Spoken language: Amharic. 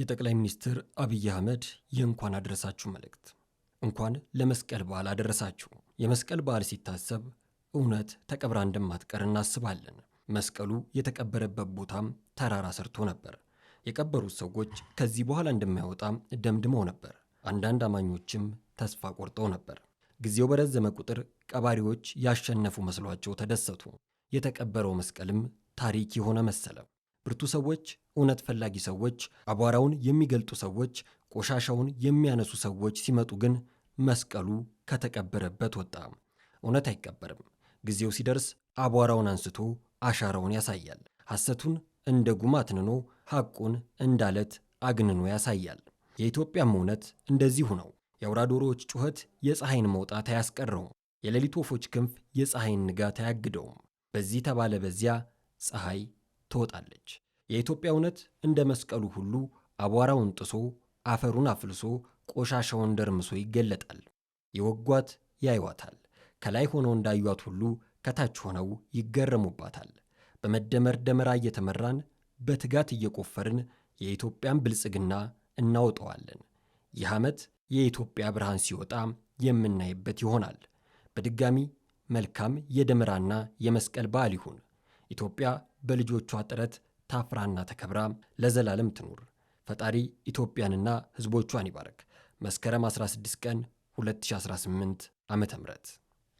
የጠቅላይ ሚኒስትር አብይ አህመድ የእንኳን አደረሳችሁ መልእክት። እንኳን ለመስቀል በዓል አደረሳችሁ። የመስቀል በዓል ሲታሰብ እውነት ተቀብራ እንደማትቀር እናስባለን። መስቀሉ የተቀበረበት ቦታም ተራራ ሰርቶ ነበር። የቀበሩት ሰዎች ከዚህ በኋላ እንደማይወጣም ደምድመው ነበር። አንዳንድ አማኞችም ተስፋ ቆርጠው ነበር። ጊዜው በረዘመ ቁጥር ቀባሪዎች ያሸነፉ መስሏቸው ተደሰቱ። የተቀበረው መስቀልም ታሪክ የሆነ መሰለ። ብርቱ ሰዎች፣ እውነት ፈላጊ ሰዎች፣ አቧራውን የሚገልጡ ሰዎች፣ ቆሻሻውን የሚያነሱ ሰዎች ሲመጡ ግን መስቀሉ ከተቀበረበት ወጣ። እውነት አይቀበርም። ጊዜው ሲደርስ አቧራውን አንስቶ አሻራውን ያሳያል። ሐሰቱን እንደ ጉም አትንኖ ሐቁን እንዳለት አግንኖ ያሳያል። የኢትዮጵያም እውነት እንደዚሁ ነው። የአውራ ዶሮዎች ጩኸት የፀሐይን መውጣት አያስቀረውም። የሌሊት ወፎች ክንፍ የፀሐይን ንጋት አያግደውም። በዚህ ተባለ በዚያ ፀሐይ ትወጣለች። የኢትዮጵያ እውነት እንደ መስቀሉ ሁሉ አቧራውን ጥሶ አፈሩን አፍልሶ ቆሻሻውን ደርምሶ ይገለጣል። የወጓት ያይዋታል። ከላይ ሆነው እንዳዩዋት ሁሉ ከታች ሆነው ይገረሙባታል። በመደመር ደመራ እየተመራን በትጋት እየቆፈርን የኢትዮጵያን ብልጽግና እናውጠዋለን። ይህ ዓመት የኢትዮጵያ ብርሃን ሲወጣ የምናይበት ይሆናል። በድጋሚ መልካም የደመራና የመስቀል በዓል ይሁን። ኢትዮጵያ በልጆቿ ጥረት ታፍራና ተከብራ ለዘላለም ትኑር። ፈጣሪ ኢትዮጵያንና ሕዝቦቿን ይባረክ። መስከረም 16 ቀን 2018 ም